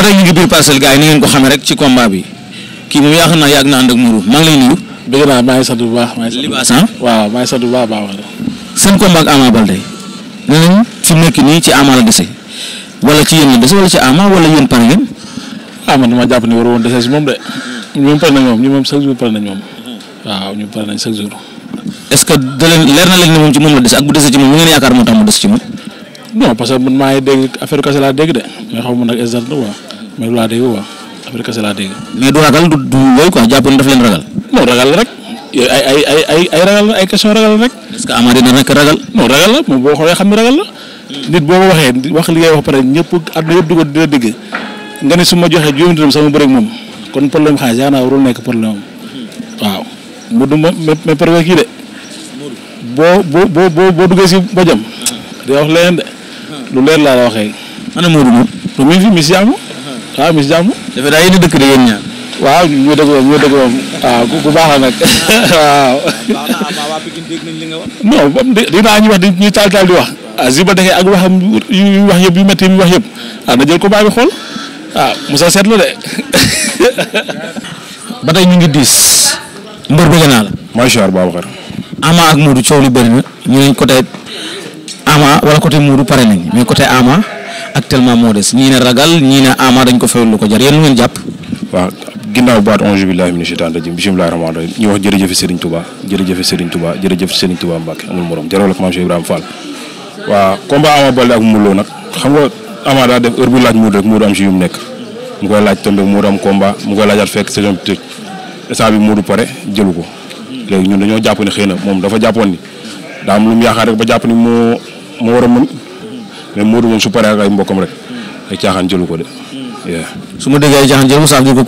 ba tey ñu ngi ko xamee rek ci maa ngi lay nuyu. dëgg naa maa ngi sant bu baax ngi sant bu baax ah? waaw maa ngi sant bu baax baax la dese wala ci yéen la dese ah, moom de ñu moom pare nañ moom chaque jour est-ce que da leer na leen ne moom ci moom la dese ak bu dese ci moom mu ngeen yaakaar moo tax mu des ci moom. non parce que man dégg affaire kase laa dégg de mais xaw ma nag exact quoi mais loolu laa dégg quoi après kese laa dégg. mais du ragal du du yooyu quoi jàpp daf leen ragal. non ragal la moom boo xoolee xam ne ragal nit boo ko waxee wax li ngay wax pare ñëpp àdduna yëpp di su ma joxee juróomi dërëm sama bëreeg moom kon problème xaalis yaakaar naa warul nekk problème am waaw mu du ma ma ma pervers kii de boo boo boo waaw ah, mi si jàmm. defe naa yéen a dëkk de yéen ñaar. waaw ñu dëkk moom ñu dëkk moom waaw ah, ku baax a nag waaw. non moom dinaa ñu wax di ñuy taal taal di wax. ah Ziba da ak waxam wax yëpp yu métti yu wax yëpp ah na jël ko baax bi xool ah Moussa seetlu de. ba tey ñu ngi diis. mbër bëgg naa la. macha allah Babacar. Ama ak Modou coow li bëri na ñu ne côté Ama wala côté Modou pare nañ mais côté Ama. actuellement moo des ñii ne ragal ñii ne ama dañ ko fayul lu ko jar yéen nga Ama daa def heure bu laaj Modou rek Modou yu mu nekk mu koy laaj tombé Modou am combat mu koy laajaat fekk saison bi tëj instant bi ko léegi ñun dañoo jàpp ne na moom dafa jàppoon ni daa am lu rek ba jàpp ni moo moo war a mën mais Modou moom su paree ak ay mbokkam rek ay caaxaan jëlu ko de. Hmm. su ma déggee ay caaxaan jëlu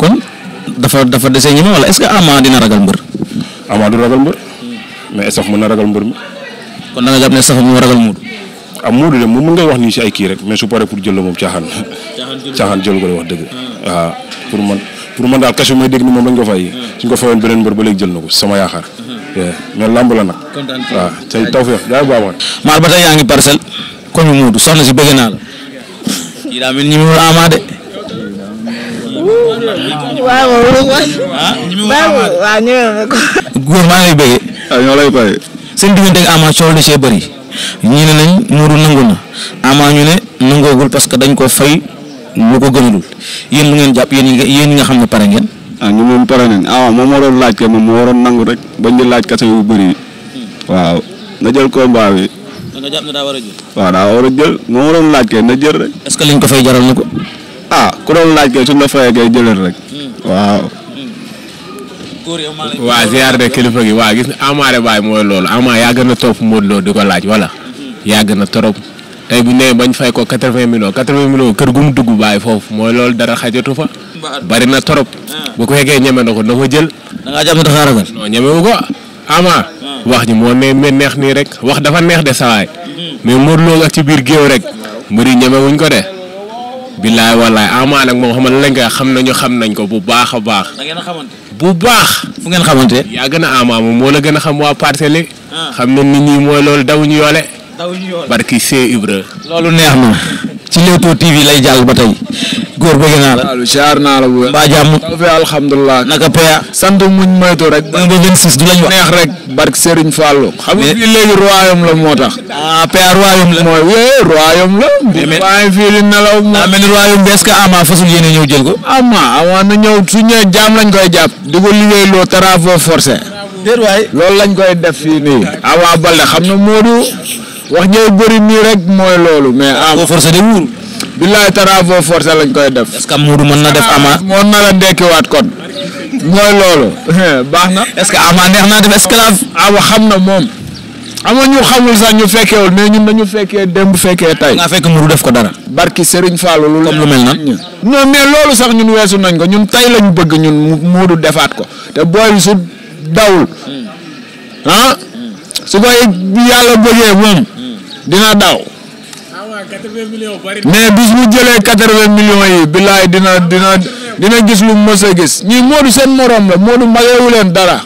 dafa dafa dese ñeme wala est-ce que Ama dina ragal mbër. Ama du ragal mbër. mais estaf mën na ragal mbër mi. kon da nga jàpp ne estaf moo ragal Modou. am ah, Modou de moom mën ngay wax nii si ay kii rek mais su paree pour jël la moom caaxaan. caaxaan jëlu ko de wax dëgg. waaw hmm. ah, pour man pour man daal question may dégg ni moom lañ ko fay. Hmm. suñ ko fayoon beneen mbër ba léegi jël na ko sama yaakaar. mais lamb la nag. Ah, ba tey yaa ngi parcelle. ko ñu muudu si bëgg naa la. kii daa de. waaw maa ngi lay bëggee. waaw ah, ñoo lay bëggee. seen diggante ak ama coow la see bëri ñu ne nañ muudu nangu na ama ñu ne nangoogul parce que dañ ko fay lu ko gënalul yéen lu ngeen jàpp yéen ñi nga nga xam ne pare ngeen. ah ñu ah, moom pare moo doon laaj ke moom moo waroon nangu rek bañ di laaj kese bu bëri waaw na jël combat bi. da nga waaw daa war a jël moom waroon laaj kay na jël rek. est-ce que liñ ko fay jaral na ko. ah ku doon laaj kay suñ la fayee kay jëlal rek. Hmm. waaw. waa ziar de kilifa gi waa gis nga Ama Baye mooy lool Ama yaa gën a topp Modou Lo di ko laaj wala. Hmm. yàgg na a trop tey bu nee bañ fay ko quatre-vingts millions quatre kër gu mu dugg Baye foofu mooy loolu dara xajatu fa. bari na trop. Ah. bu ko yeggee ñeme na ko na ko jël. da ñeme wu ko Ama. wax ñi moo ne neex nii rek wax dafa neex de sawaay mais Modou Lo ci biir géew rek mbër yi ñeme ko de. billaay wallaay Ama nag moom xam nga lañ koy xam nañu xam nañ ko bu baax a baax. bu baax. fu ngeen xamante yaa gën a Ama moom moo la gën a xam waa parcelle yi. Ah. xam ne nit ñi mooy loolu daw ñu yoole. daw ñu yoole Ibra. loolu neex na. ci Leewtoo TV lay jàll ba tey góor bëgg naa la. waaw ziar naa la bu mbaa jàmm. alhamdulilah naka peya. sant muñ moytu rek. ba 26 du lañ wax. rek barke Serigne Fallou. xam nga léegi royaume la moo tax. a ah, peya royaume la. mooy oui royaume la. mais waaye fii li nelaw moo. daa ñëw jël ko. Ama Ama na ñëw su ñëwee jaam lañ koy jàpp. di ko liggéey lool travaux forcés. déet lañ koy def fii nii. Ama Baldé xam na Modou. wax jooy bëri nii rek mooy loolu. mais am foo forcé de wuur. billaay tara foo forcé lañ koy def. est-ce que Modou mën na def Ama. Ah, moo nar a dekkiwaat kon. mooy loolu. baax na. est-ce que Ama neex naa def esclave. Ama ah, xam na moom. ama ñu xamul sax ñu fekkeewul mais ñun dañu fekkee démb fekkee tey. nga fekk def ko dara. barki Serigne Fallou lu comme lu mel na non mais loolu sax ñun weesu nañ ko ñun tey lañ bëgg ñun Modou defaat ko te booy su dawul hmm. ah? su ko yàlla bëggee moom. dina daaw ah mais bis mu jëlee quatre-vingts millions yi billaay dina dina dina gis lu mës a gis ñii Modou seen moroom la Modou mageewu leen dara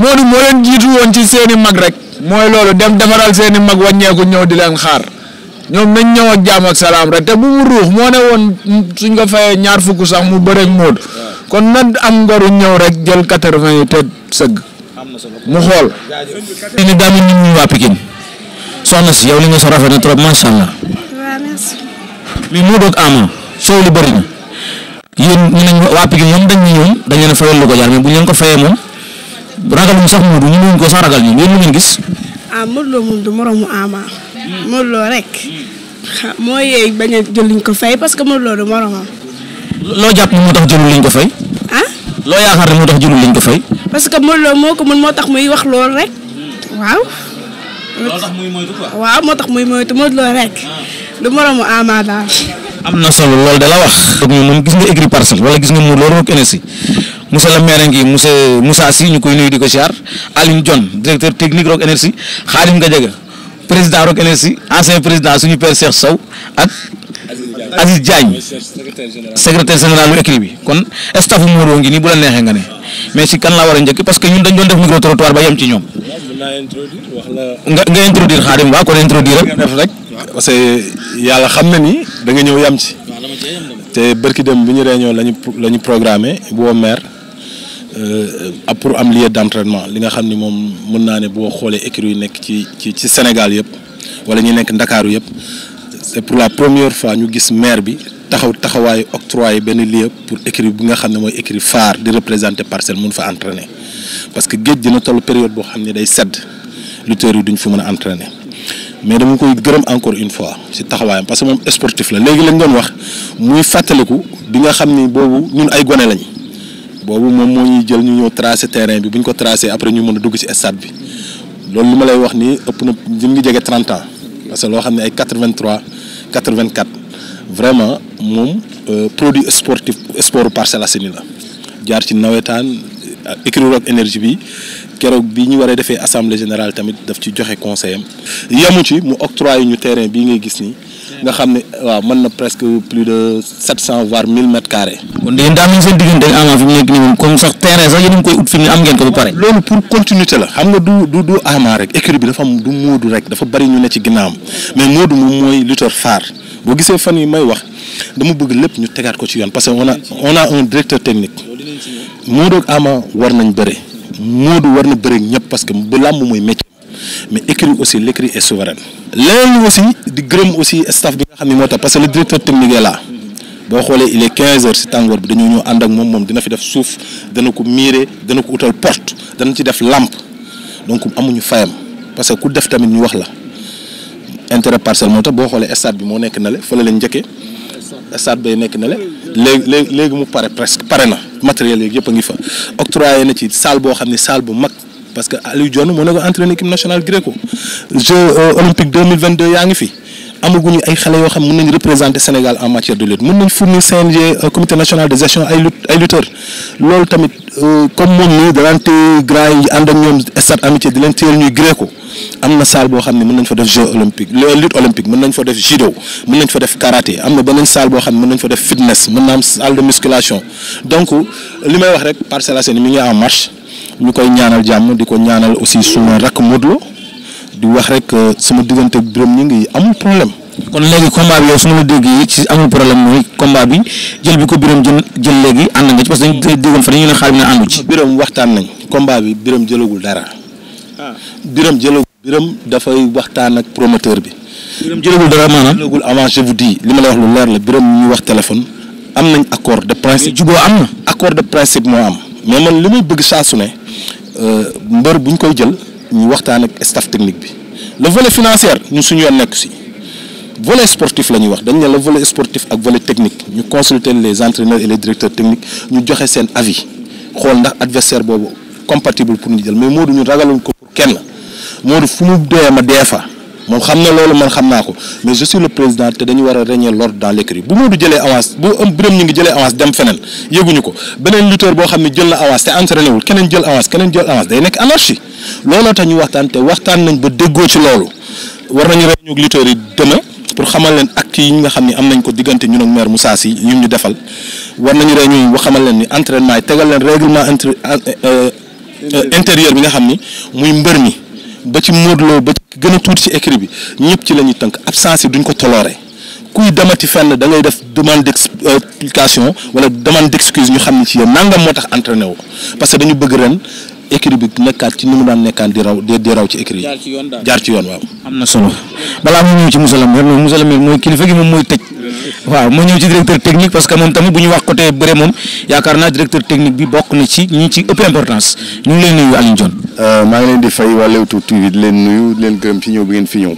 Modou moo leen jiitu woon ci seeni mag rek mooy loolu dem defaral seen i mag wàññeeku ñëw di leen xaar ñoom nañ ñëw ak jaam ak salaam rek te bu mu ruux moo ne woon suñ nga fayee ñaar fukk sax mu bëreeg Modou kon na am ngoru ñëw rek jël quatre-vingts yi te sëgg mu xool. ni dami nit ñi waa Pikine soxna si yow li nga so rafet na trop macha allah. waaw merci. mais Modou ak Ama soow li bëri na yéen ñu ne waa Pikine dañ ñu ñoom dañ leen a fayal lu ko jaar mais bu ñu leen ko fayee moom ragaluñ sax Modou ñu ko sax ragal ñu yéen ñu ngeen gis. ah Modou Lo moom du moromu Ama. Modou Lo rek. xa moo yeey bañ a jël liñ ko fay parce que Modou Lo du moromam. loo jàpp ni moo tax jëlul liñ ko fay. ah. loo yaakaar moo tax jëlul liñ ko fay. parce que Modou loo moo ko mën moo tax muy wax loolu rek waaw. loolu tax muy moytu quoi. waaw moo tax muy moytu Modou Lo rek. Ah. du moromu Ama daal. am na solo loolu de la wax. donc moom gis nga écrit parcelle wala gis nga mu loolu moog énergie monsieur le maire ngi monsieur Moussa Sy ñu koy nuyu di ko siyaar Alioune Dione directeur technique Rock Énergie Khadim Gadiaga président Rock Énergie ancien président suñu père Cheikh Sow ak Aziz Diagne secrétaire général bu écrit bi kon staff Modou ngi nii bu la neexee nga ne. mais si kan la war a njëkk parce que ñun dañ doon def micro trottoir ba yem ci ñoom. nga nga introduire xaadim waa kon introduire rek. parce que yàlla xam na ni da nga ñëw yem ci. te bërki dem bi ñu réunion lañu la ñu programmé boo maire ab euh, pour am lieu d' entraînement li nga xam ni moom mën naa ne boo xoolee écurie yu nekk ci ci ci Sénégal yëpp wala ñu nekk Ndakaaru yëpp c'est pour la première fois ñu gis maire bi. taxaw taxawaayu octroyé benn lieu pour écurie bi nga xam ne mooy écurie phare di représenter parcelle mun fa entraîner parce que géej dina toll période boo xam ne day sedd lutteurs yi duñ fa mën a entraîner mais dama koy gërëm encore une fois ci taxawaayam parce que moom sportif la léegi lañ doon wax muy fàttaliku bi nga xam ni boobu ñun ay gone lañ boobu moom moo ñuy jël ñu ñëw tracé terrain bi bu ko tracé après ñu mën a dugg ci stade bi loolu li ma lay wax ni ëpp na ñu ngi jege 30 ans parce loo xam ne ay 83 84. vraiment moom euh, produit sportif sport Parcelles Assainies la jaar ci nawetaan euh, écrire ak bi keroog bi ñu war a defee assemblée générale tamit daf ci joxe conseil am yamu ci mu octroyé ñu terrain bii ngay gis nii nga xam ne waaw mën na presque plus de sept cent voire mille mètres carrés. kon da seen diggante ak Ama fi mu nekk nii moom comme sax terrain sax yéen a ngi koy ut fi mu am ngeen ko ba pare. loolu pour continuité la xam nga du du du Ama rek écurie bi dafa am du Modou rek dafa bari ñu ne ci ginnaawam mais Modou moom mooy lutteur phare boo gisee fan yi may wax dama bëgg lépp ñu tegaat ko ci yoon parce que on a on a un directeur technique Modou ak war nañ bëre Modou war na bëre ñëpp parce que bu làmb mooy métier. mais écrit aussi l' écrit est souverain. leneen aussi di gërëm aussi staff bi nga xam ne moo tax parce que le directeur technique est là boo xoolee il est 15 si tàngoor bi dañu ñëw ànd ak moom moom dina fi def suuf dana ko miire dana ko utal porte dana ci def lampe donc amuñu fayam parce que ku def tamit ñu wax la intérêt parcelle moo tax boo xoolee stade bi moo nekk na le fële lañ njëkkee. stade bay nekk na le léegi léegi léegi mu pare presque pare na matériel yeeg yëpp a ngi fa octroyé ci salle boo xam ne salle bu mag. parce que Aliou Dione moo nekkoon entraîneur équipe nationale gréco jeux euh, olympiques yaa ngi fi. amaguñu ay xale yoo xam mën nañ représenter Sénégal en matière de lutte mën nañ fournir CNG euh, loolu tamit euh, comme moom nii danaan téye grand yi ànd ñoom stade amitié di leen téyel ñuy gréco am na salle boo xam ne mën nañ fa def jeu olympique lutte olympique mën nañ fa def judo mën nañ fa def karaté am na beneen salle boo xam ne mën nañ fa def fitness mën na am salle de musculation en marche ñu koy ñaanal jàmm di ko ñaanal aussi suma rakk Modou di wax rek euh, suma diggante Birame ñu ngi amul problème. kon léegi combat bi yow su ma la déggee ci amul problème mooy bi jël bi ko Birame jël jël léegi ànd nga ci parce que dañu déggoon fa dañu ne xaar na ne àndu ci. Birame waxtaan nañ combat bi Birame jëlagul dara. Ah. biram jëlagul biram dafay waxtaan ak promoteur bi. Birame jëlagul dara maanaam. jëlagul avant je vous li ma la wax lu la Birame wax téléphone am nañ accord de principe. jubóo am na. accord de principe moo am. mais man li muy bëgg saa su ne euh, mbër bu ñu koy jël ñu waxtaan ak staff technique bi le volet financier ñu suñu yoon nekk si volet sportif la ñuy wax dañ ne la volet sportif ak vole technique ñu consulter les entraîneurs et les directeurs techniques ñu joxe seen avis xool ndax adversaire boobu compatible pour ñu jël mais Modou ñu ragaloon ko pour kenn Modou fu mu dee a dee fa moom xam na loolu man xam naa ko mais je suis le président te dañu war a régner l'ordre dans l'écurie bu Modou jëlee avance bu am Birame ñu ngi jëlee avance dem feneen yëguñu ko beneen lutteur boo xam ne jël na avance te entraîné wul keneen jël avance keneen jël avance day nekk anarchie looloo ñu waxtaan te nañ ba déggoo ci loolu war nañu réunion ak lutteurs yi demain pour xamal leen actes yi nga xam ni am nañ ko diggante ñun ak maire Moussa Sy yi ñu defal war nañu réunion yi xamal leen ni entraînement yi tegal leen règlement euh, euh, intérieur bi nga xam ni muy mbër mi ba ci Modou Lo ba ci gën a tuuti ci écrit bi ñëpp ci la ñuy tënk absence yi duñ ko toloore kuy demati fenn da ngay def demande d'explication wala demande d'excuse ñu xam ne ci yow nangam moo tax entraîné wu parce que dañu bëgg ren écrit bi nekkaat ci ni mu daan nekkaan di raw di raw ci écrit yi. jaar ci yoon daal jaar ci yoon waaw. am na solo balaa mu ñëw ci monsieur le maire moom monsieur le maire mooy moom mooy tëj. waaw mu ñëw ci directeur technique parce que moom tamit bu ñu wax côté bëre moom yaakaar naa directeur technique bi bokk na ci ñi ci ëpp importance ñu leen nuyu Alioune Dione. Euh, maa ngi leen di fay waa Leewtoo TV di leen nuyu di leen gërëm ci ñëw bi ngeen fi ñëw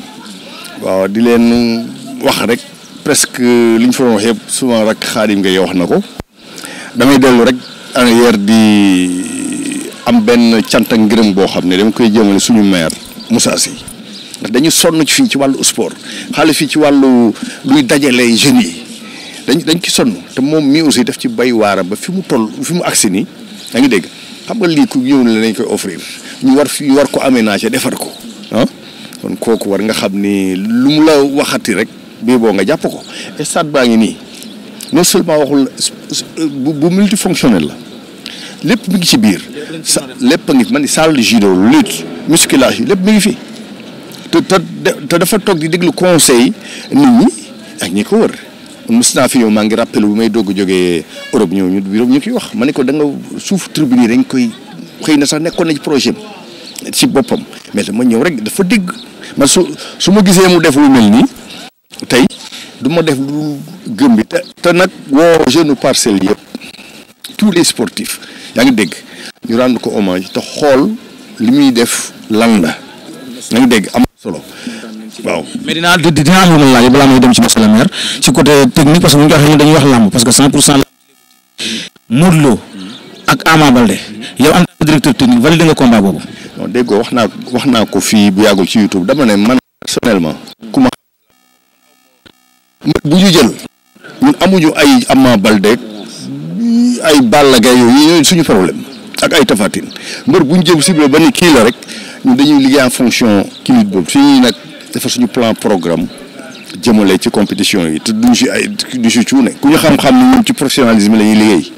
waaw di leen wax rek presque li ñu fa doon wax yëpp wax na ko damay dellu rek en di. am benn cant ak boo xam ne dama koy jëmale suñu maire Moussa Sy ndax dañu sonn ci fii ci wàllu sport xaale fii ci wàllu luy dajale jeunes yi dañ dañ ci sonn te moom mii aussi daf ci bay waaram ba fi mu toll fi mu agsi nii yaa ngi dégg xam nga lii ku ñëw la dañ koy offrir ñu war fi ñu war ko aménager defar ko ah? kon kooku war nga xam ni lu mu la waxati rek bii boo nga jàpp ko stade baa ngi nii non seulement waxul bu bu multifonctionnel la. lépp mu ngi ci biir sa lépp a ngi man ni salle de judo lutte musculation lépp mi ngi fi te te dafa toog di déglu conseil nit ñi ak ñi ko wër mës naa fi ñëw maa ngi rappelé bu may dogg jógee Europe ñëw ñu Europe ñu koy wax ma ne ko danga nga suuf tribune yi dañ koy xëy na sax nekkoon na projet ci boppam mais ma ñëw rek dafa dégg man su su ma gisee mu def lu mel nii tey duma def lu gëm bi te te nag woo jeune parcelle yëpp tous les sportifs yaa ngi dégg ñu rendre ko hommage te xool li muy def lan la yaa dégg am solo waaw. mais dinaa dinaa am lu ma laaj balaa may dem ci monsieur le maire ci côté technique parce que bu ñu wax làmb parce que 100 pour cent Modou Lo ak Ama Baldé yow en tant que directeur technique validé nga combat boobu. non dégg wax naa wax naa ko fii bu yàggul ci YouTube dama ne man personnellement ku ma bu ñu jël ñun amuñu ay Ama Baldé ay Balla Gaye yooyu yooyu suñu problème ak ay tafatin mbër bu ñu jëm ciblé ba ne kii la rek ñun dañuy liggéey en fonction climat boobu fii nag dafa suñu plan programme jëmale ci compétition yi te duñ si ay du si ku ñu xam-xam ni ñun ci professionnalisme la ñuy liggéey.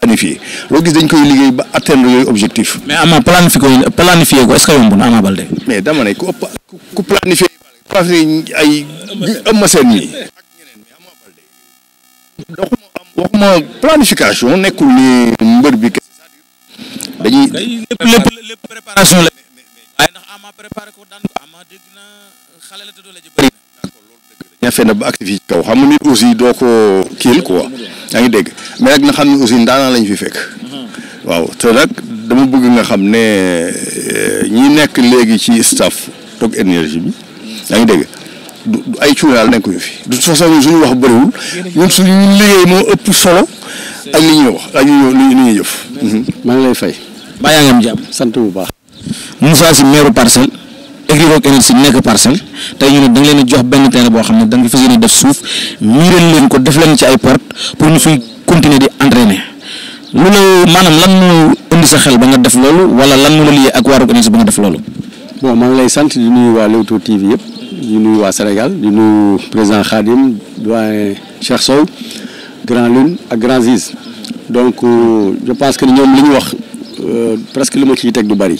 planifié loo gis dañ koy liggéey ba atteindre yooyu objectif. mais ama planifié ko planifié ko est-ce que yomb na Ama Baldé. mais dama ne ku ëpp ku planifié ay ëmma seen mi. waxuma planification nekkul ni mbër bi kese dañuy lépp lépp préparation la waaye ndax ama préparé ko daan dégg na xale la te na fexe na ba activité kaw xam nga nit aussi doo ko kiil ko yaa ngi dégg mais nag na xam ne aussi ndaanaa lañ fi fekk waaw te nag dama bëgg nga xam ne eh, ñi nekk léegi ci staff toog énergie bi yaa ngi dégg du ay cuuraal nekkuñu fi du toute façon ñun suñu wax bëriwul ñun suñu liggéey moo ëpp solo ak li ñuy wax ak li ñuy li ñuy jëf. Mhm. maa ngi lay fay. baa yaa ngi am sant bu baax. Moussa si meeru parcelle. Equivox Energy nekk parcelle tey ñu ne da nga leen jox benn terrain boo xam ne da nga fas yéene def suuf miireel leen ko def leen ci ay porte pour ñu fiy continuer di entraîner loolu maanaam lan mu indi sa xel ba nga def loolu wala lan moo la liyee ak waaru Energy ba nga def loolu. bon maa lay sant di nuyu waa Leewtoo yëpp. di nuyu waa Sénégal di nuyu président Khadim doyen Cheikh Sow grand Lune ak grand Ziz donc euh, je pense que ñoom li ñu wax euh, presque li ma ciy teg du bari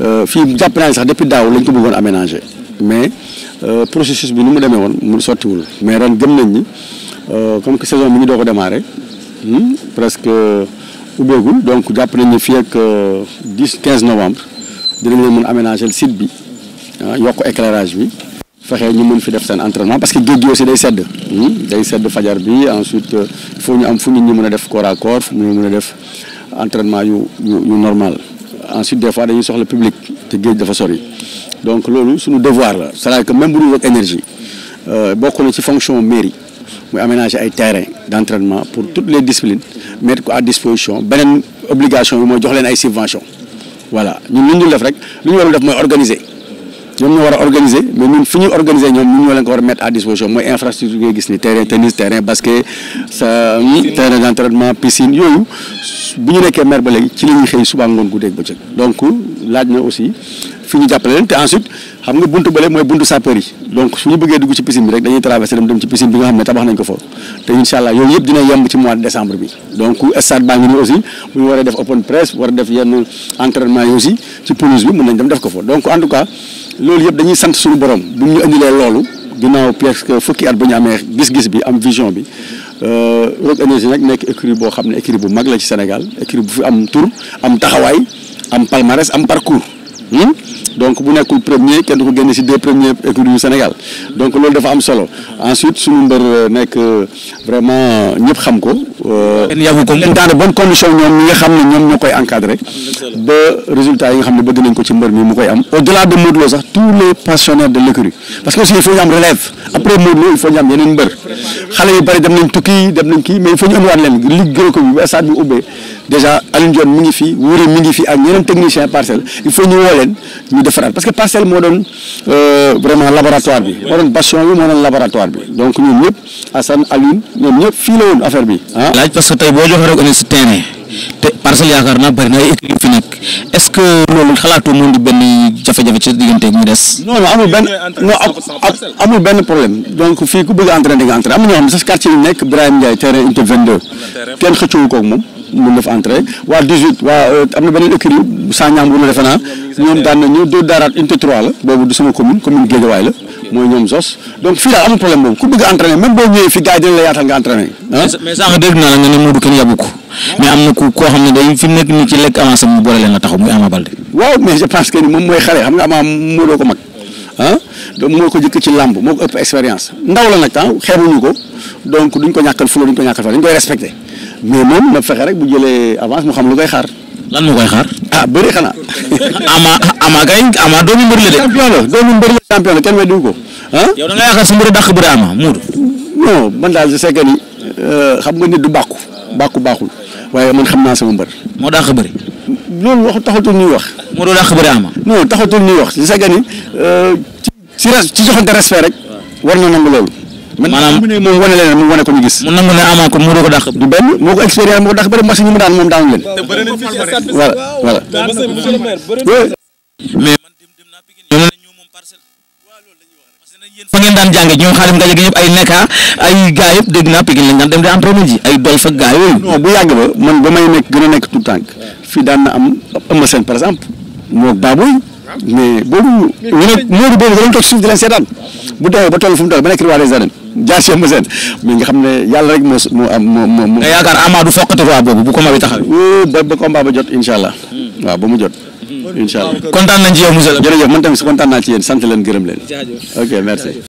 euh, fii jàpp naa sax depuis daaw lañ ko bëggoon aménager mais processus bi ni mu demee woon mu sottiwul mais ren gëm nañ ni comme que saison bi ñu doo ko démarrer hmm, presque ubbeegul donc jàpp nañ ni fii ak 10 15 novembre dinañ leen mën aménager site bi ah, yokk éclairage bi. fexe ñu mën fi def seen entraînement parce que géej gi si day sedd hmm? day sedd fajar bi ensuite euh, foo ñu am fu nit ñi mën a def corps à corps fu ñu mën a def entraînement yu yu normal ensuite des fois dañuy soxla public te géej dafa sori donc loolu suñu devoir la c'est-à-dire que même bu dul rek énergie euh, bokk na ci ay terrain d'entraînement pour toutes les disciplines mettre ko à disposition beneen obligation bi mooy jox leen ay subventions voilà ñu li ñu def rek lu ñu war def mooy organiser. ñoom ñoo war a organiser mais ñun fi ñuy organiser ñoom ñun ñoo leen ko war a disposition mooy infrastructure ngay gis ni terrain tennis terrain basket ñu nekkee maire ci la ñuy xëy suba ngoon guddeeg bëccëg donc laaj na aussi fi ñu te ensuite dem yooyu yëpp dina yemb ci mois de décembre bi donc stade cas loolu yëpp dañuy sant suñu borom bu ñu indilee loolu ginnaaw presque fukki at bu ñu amee gis-gis bi am vision bi euh, Rock Énergie nag nekk écurie boo xam ne écurie bu mag la ci Sénégal écurie bu fi am tur am taxawaay am palmarès am parcours. Hmm? donc bu nekkul premier kenn du ko génne si deux premiers écuries yu Sénégal donc loolu dafa am solo ensuite suñu mbër euh, nekk euh, vraiment ñëpp xam ko. Euh, kenn yàggu ko leen dans de bonnes conditions ñoom ñi ñoo koy encadré. ba résultat yi nga xam ne bëgg nañ ko ci mbër mi mu koy am. au delà de Modou Lo sax tous les passionnés de l'écurie parce que aussi il faut ñu am relève après Modou il faut ñu am yeneen mbër xale yu bari dem nañ tukki dem nañ kii mais il faut ñu amuwaat leen ligue gërëm mi ngi fi Wuri mi ngi fi ak ñeneen leen ñu defaraat parce moo doon euh, vraiment laboratoire bi moo doon bastion bi moo doon laboratoire bi donc ñun ñëpp Assane Alioune ñoom ñëpp fii la woon affaire bi ah. yaakaar naa bëri na ay équipe fi nekk est loolu xalaatoo mu di benn jafe-jafe ci diggante mu des. non amul benn problème donc fii ku bëgg a entraîner di nga ñoo xam ne sax quartier yi nekk Birahim Ndiaye terrain unité 22 kenn xëccoo ko ak moom. mun na fa entré waa 18 waa euh, am na beneen écurie saa ñaam bu na defe naa ñoom daan ah? na ñu doo moom doo ko mag ah? moo ko jëkk ci làmb moo ko ëpp expérience ndaw la nag temps ah, xeebuñu ko donc duñ ko ñàkkal fulo duñ ko ñàkkal fa dañ koy respecté mais moom na fexe rek bu jëlee avance mu xam lu koy xaar. lan koy xaar. ah bëri xanaa. ama ama kay ama doomu mbër la de. champion la doomu mbër la champion la kenn weddiwu ko ah. yow da nga yaakaar su mbër dàq bëri ama muudu. non man daal je sais que euh, xam nga nit du bàkku bàkku baaxul waaye man xam naa sama mbër. moo dàq bëri. loolu wax taxatul ñuy wax. moo doon dàq bëri ama. non taxatul ñuy wax je sais que ni euh, ci ci joxante respect rek war na nangu loolu. maanaam mu ne moom wane leen mu wane ko ñu gis mu nangu ne ama ko mu do ko dàq du benn moo ko expérience moo ko dàq bëri machine mu daan moom man dem dem naa Pikine ñoom ñoo moom parce que yéen fa ngeen daan jànge ñoom xaalim nga yëg ñëpp ay nekka ay gaa yëpp dégg naa Pikine lañ daan dem di entraînement ji ay dol fa gaa yooyu bu yàgg ba man ba may nekk gën a nekk tout tànk fii daan na am ëmma seen par exemple moo baaboy ah. mais boobu ñu ne boobu dañ toog suuf di leen seetaan bu demee ba toll fu mu toll ba nekk roi des arènes jaar Cheikh Moussène mais nga xam ne yàlla rek moo moo am moo moo. nga yaakaar Amadou fokkati roi boobu bu ko ma taxawee. ba ba combat ba jot incha allah. waaw ba mu jot. incha allah kontaan nañ ci yow monsieur le. jërëjëf man tamit kontaan naa ci yéen sant leen gërëm leen. ok merci.